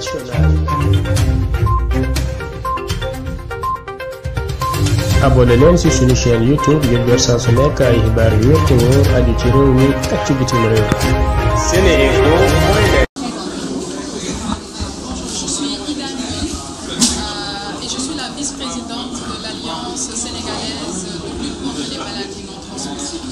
internationale. abonné leen ci suñu chaîne youtube ngir jot saa su nekk ay xibaar yu wér te wóor aju ci réew mi ak ci bitim réew. Seneinfo. vice-présidente de l'Alliance sénégalaise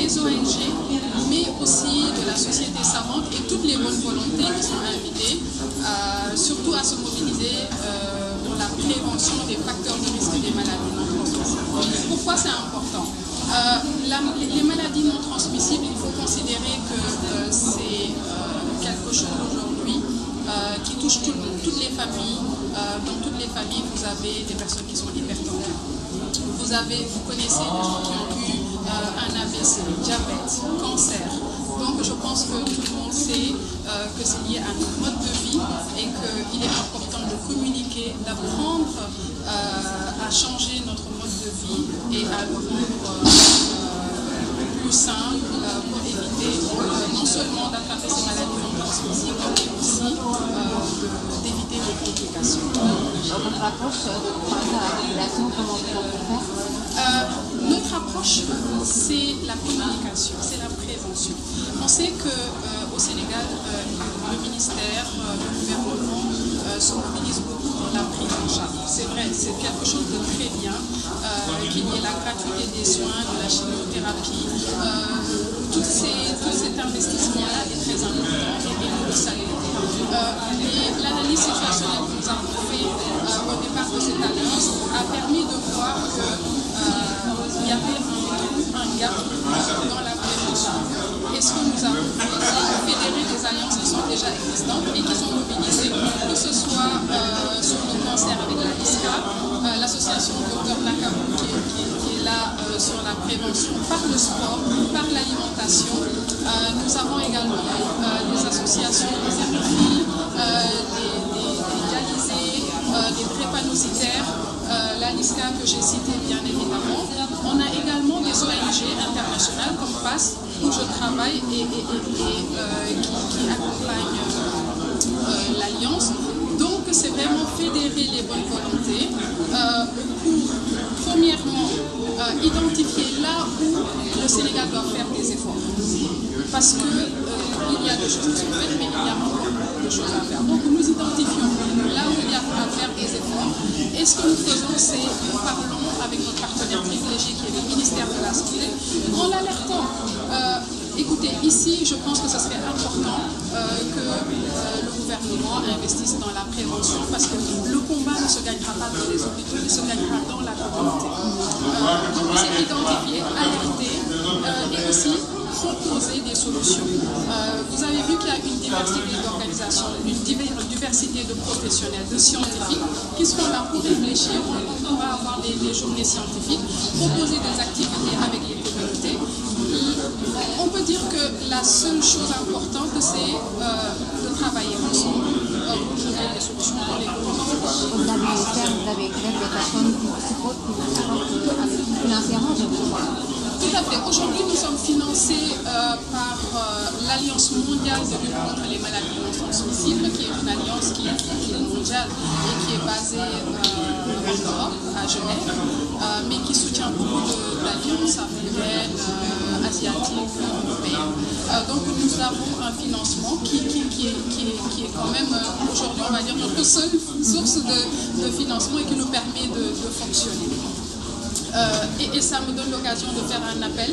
des ONG, mais aussi de la société savante et toutes les bonnes qui sont invitées, euh, surtout à se mobiliser euh, pour la prévention des facteurs de risque des maladies non transmissibles. Pourquoi euh, considérer que c'est quelque chose aujourd'hui qui touche toutes les familles. dans toutes les familles, vous avez des personnes qui sont hypertendues. Vous, avez, vous connaissez des gens qui ont Euh, AVC, diabète, je pense que euh, c'est lié mode de vie et qu'il est important de communiquer, d'apprendre euh, à changer notre mode de vie et à le plus simple pour éviter non seulement d'attraper ces maladies transmissibles, mais aussi d'éviter des complications. Votre approche, la relation, comment vous faire Euh, notre approche, c'est la communication, c'est la prévention. On sait qu'au euh, Sénégal, euh, le ministère, le gouvernement se mobilisent beaucoup dans la prise en charge. C'est vrai, c'est quelque chose de très bien qu'il y ait la gratuité des soins, de la chimiothérapie. Tout, ces, tout cet investissement-là est très important et nous le saluons. Euh, L'analyse situationnelle que nous avons fait euh, au départ de cette année a permis de voir que il y avait prévention. Est-ce que nous avons réussi des alliances sont déjà existantes et qui sont mobilisées, que ce soit sur le cancer avec la ISCA, l'association Docteur Nakamo qui, qui, qui, sur la prévention par le sport, par l'alimentation. nous avons également des associations, des hémophiles, des, des, des, des prépanocitaires, la LISCA que j'ai cité bien internationale comme PASS, où je travaille et, euh, qui, accompagne euh, l'Alliance. Donc c'est vraiment fédérer les bonnes volontés euh, pour, premièrement, identifier là où le Sénégal doit des efforts. Parce que y a des choses à faire, mais il y a encore des choses à faire. nous là faire des efforts. Et ce que nous faisons, c'est nous parlons avec notre partenaire privilégié qui est le ministère de la Santé, en l'alertant. Euh, écoutez, ici, je pense que ce serait important euh, que euh, le gouvernement investisse dans la prévention parce que le combat ne se gagnera pas dans les hôpitaux, il se gagnera dans la communauté. donc euh, c'est identifier, alerter euh, et aussi proposer des solutions. Euh, vous avez vu qu'il y a une diversité d'organisations, une diversité de professionnels, de scientifiques qui seront là pour réfléchir. On va avoir des, des journées scientifiques, proposer des activités avec les communautés. On peut dire que la seule chose importante, c'est euh, de travailler ensemble euh, pour trouver des solutions pour les communautés. Tout à fait. Aujourd'hui, commencer euh, par euh, l'Alliance mondiale de lutte contre les maladies non transmissibles, qui est une alliance qui, est basée en Europe, à Genève, euh, mais qui soutient beaucoup d'alliances africaines, asiatiques, européennes. donc nous avons un financement qui, est, quand même aujourd'hui, on va dire, notre seule source de, financement et qui nous permet de, fonctionner. Et, et, me donne l'occasion de faire un appel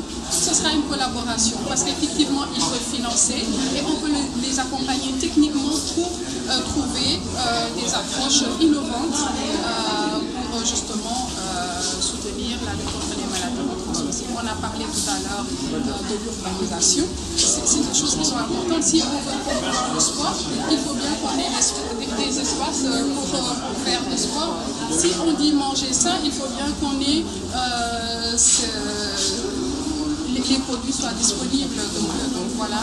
ce sera une collaboration parce qu'effectivement, ils peuvent financer et on peut les accompagner techniquement pour euh, trouver euh, des approches innovantes euh, pour euh, justement euh, soutenir la lutte contre les maladies de transmission. On a parlé tout à l'heure euh, de l'urbanisation. C'est des choses qui sont importantes. Si on veut promouvoir le sport, il faut bien qu'on ait des, des espaces pour, pour, faire du sport. Si on dit manger ça, il faut bien qu'on ait ce que les produits soient euh, Donc, voilà.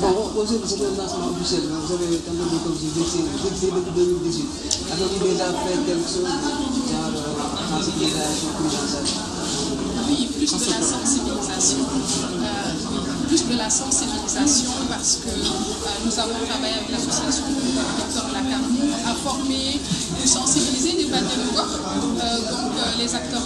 Bon, au sein de ce lancement officiel, vous avez quand même, comme je disais, fixé depuis 2018. Avez-vous déjà fait quelque chose, genre euh, sensibilisation, prise en charge Oui, plus de la sensibilisation. Euh, plus de la sensibilisation parce que euh, nous avons travaillé avec l'association Victor Lacarne à former, sensibiliser des panélogues, euh, donc euh, les acteurs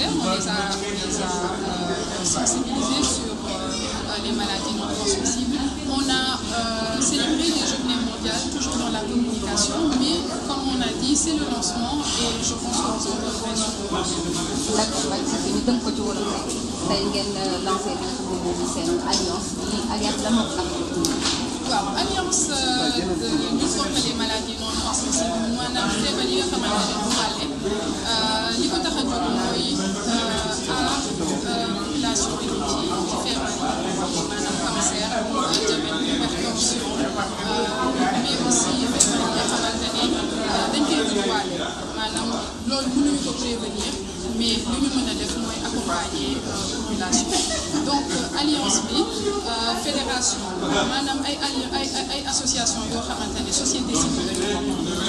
cancer, on les a, on les a euh, sensibilisés sur euh, les maladies non transmissibles. On a euh, célébré les journées mondiales, toujours dans la communication, mais comme on a dit, c'est le lancement et je pense qu'on se retrouve sur D'accord, tey ngeen euh, lancé li nga xam ne moom mooy seen alliance bi alliance la moom ak. waaw alliance de lutte contre les maladies non transmissibles maanaam feebar yi nga xamante ne bu Euh, li ko tax a jóg mooy aar population bi ci ci feebar maanaam cancer diabète hypertension mais aussi feebar euh, yi nga xamante ne euh, dañ koy jubluwaale maanaam loolu ko prévenir mais li ñu mën a def mooy accompagner population donc euh, alliance euh, fédération maanaam ay association yoo xamante ne société civile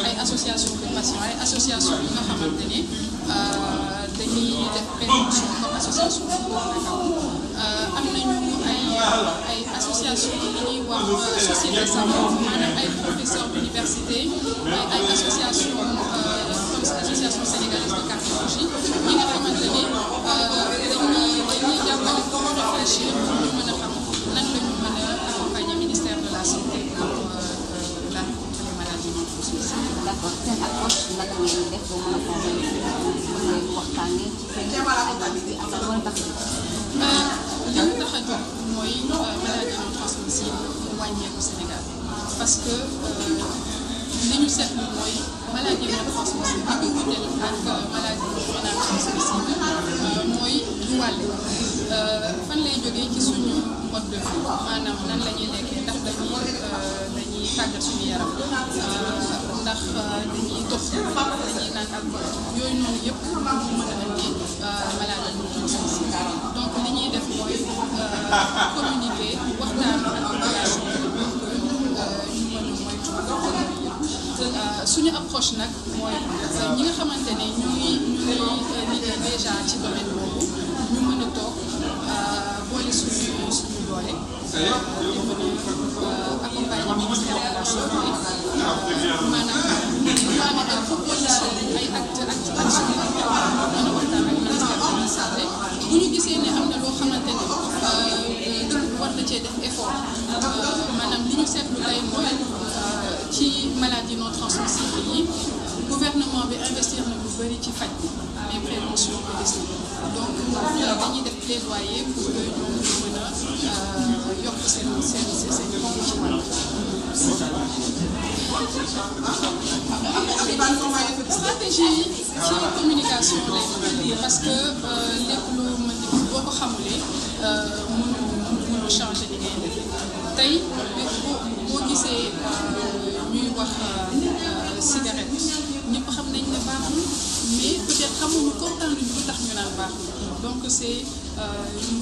ay association de patients association yi nga xamante ne euh, dañuy def prévention comme ay association yi wax société savante maanaam ay professeurs d'université ay association d'accord seen approche naka ngeen def ba mën a convaincre mën ngeen waxtaanee ci seen bi am na tax li ñu tax a jóg mooy maladie non transmissible mu wàññeeku Sénégal parce que euh, li ñu seetlu mooy maladie non transmissible bi ñu wuteel ak maladie non transmissible euh, mooy du wàlle euh, fan lay jógee. dañuy dox fàq dañuy naan alcool yooyu noonu yëpp pour mën a andi maladie donc li ñuy def mooy communiquer waxtaan ak population ñu mën a moytu suñu approche nag mooy ñi nga xamante ne ñuy. ci maladie non transmissible yi gouvernement bi investir na lu bëri ci faj mais prévention bi des na donc euh, dañuy def plaidoyer pour que ñoom ñu mën a euh, yokk seen seen seen pompe ci wàll. stratégie yi ci communication lay parce que euh, lépp lu mën di boo ko xamulee mënu mënu changer li ngay def tey boo boo gisee. peut-être xamuñu kontaan luñu lu tax ñu naan baaxul donc c'est a gën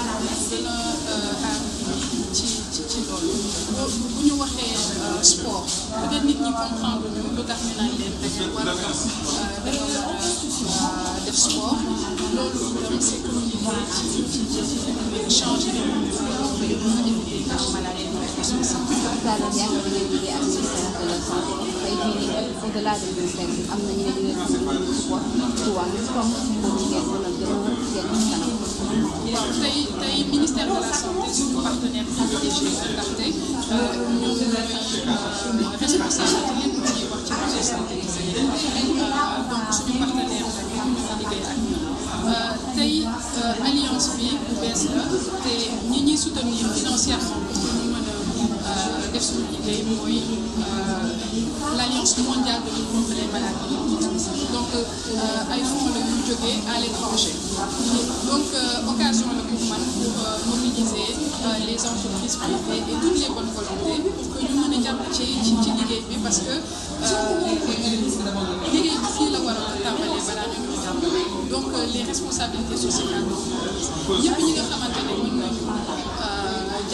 a a aar ci ci ci loolu bu ñu waxee sport peut nit ñi comprendre ñu lu tax ñu naan leen rek war a def loolu itam c'est communiquer changer au-delà de ministère bi am nañu ne dina support ci wàllu koom pour ngeen mën a gën a seen kanam. tey tey ministère de la santé suñu partenaire privilégié ndaxte ñoom ñooy def suñu liggéey mooy euh, l' alliance mondiale de lutte contre les maladies donc euh, ay fonds la ñu à l' étranger donc euh, occasion la pour man pour mobiliser les entreprises pour que ñu mën a jàpp ci bi parce que liggéey bi fii la war a tàmbalee balaa ñu koy donc les responsabilités sociétales ñëpp ñi nga xamante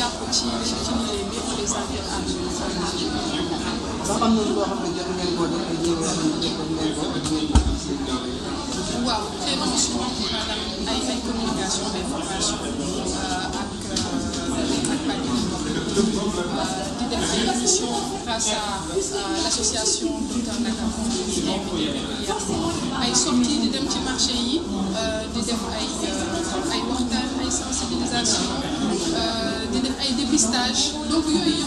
jàpp ci ci liggéey bi pour les santé am. ndax am na loo xam ne jot ngeen ko def ak yéen ñoo xam ne jot ngeen ko ak yéen ñoo. waaw xëy na aussi moom ay ay communication ay formation euh, ak ak bàjjenu mbokk di def ay émission grâce à l'association Docteur Nakafo di ay sorties di dem ci marché yi euh, di def ay euh, ay waxtaan ay sensibilisation. ay dépistage donc yooyu